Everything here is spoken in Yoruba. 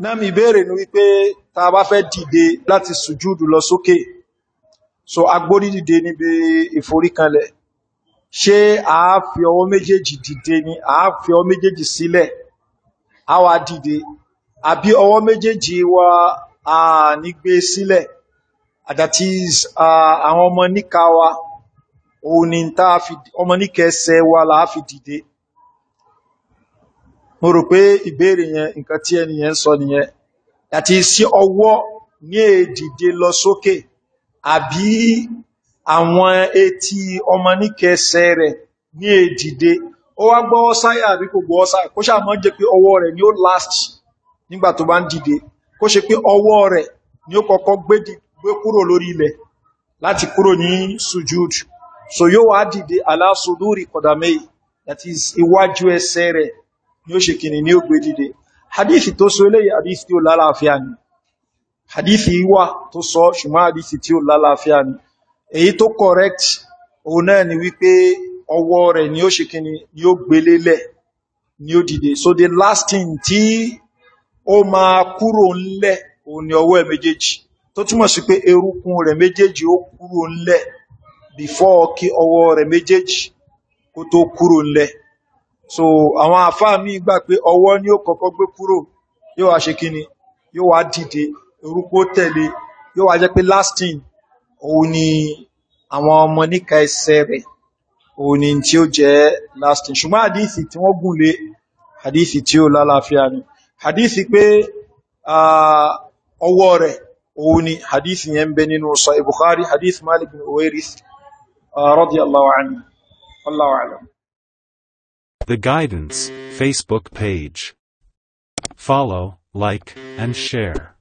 náà mi béèrè ní wípé ta bá fẹ́ dìde láti sùjúdù lọ sókè so agbórí dìde níbi ìforíkanlẹ̀ ṣé a fi ọwọ́ méjèèjì dìde ni a fi ọwọ́ méjèèjì sílẹ̀ a wá dìde àbí ọwọ́ méjèèjì wa a ní gbé sílẹ̀ that is àwọn ọmọ níka wa òun ni ta fi ọmọ níkẹsẹ̀ wa la fi dìde mo rò pé ìbéèrè yẹn nǹkan tí ẹniyẹn sọ nìyẹn àti sí ní èdìde lọ sókè àbí àwọn etí ọmọ níkẹsẹ rẹ ní èdìde ó wá gbọ́ ọ́sáyà àbí kò gbọ́ kó pé ọwọ́ rẹ ni ó last nígbà tó bá ń dìde kó ṣe pé ọwọ́ ni ó kọ́kọ́ gbé kúrò lórí ilẹ̀ láti kúrò ní so yóò wá dìde kọ̀dàmẹ́yì ni ó ṣe kìnnì ní ó gbé dìde hadithi tó sọ eléyìí hadithi tí ó lálàáfíà ni hadithi wà tó sọ ṣùgbọ́n hadithi tí ó lálàáfíà ni èyí tó correct òun náà ni wípé ọwọ́ rẹ̀ ni ó ṣe kìnnì ni ó gbélélẹ̀ ni ó dìde so the last thing tí ó máa kúrò ńlẹ̀ òun ni ọwọ́ ẹ̀ méjèèjì tó túmọ̀ sí pé erùkún rẹ̀ méjèèjì ó kúrò ńlẹ̀ before ki ọwọ́ rẹ̀ méjèèjì kó tó kúrò ńlẹ̀ so àwọn àfáà míì gbà pé ọwọ́ ni ó kọ́kọ́ gbé kúrò yóò wá ṣe kíni yóò wá dìde orúkọ tẹ̀lé yóò wá jẹ́ pé lasting òun ni àwọn ọmọ níka ẹsẹ̀ rẹ̀ òun ni tí ó jẹ́ lasting ṣùgbọ́n àdíìsì tí wọ́n gùn lé àdíìsì tí ó lálàáfíà ni àdíìsì pé ọwọ́ rẹ̀ òun ni àdíìsì yẹn ń bẹ nínú Sahih Bukhari àdíìsì Malik bin Uwairis radiyallahu anhu wallahu The Guidance Facebook page. Follow, like, and share.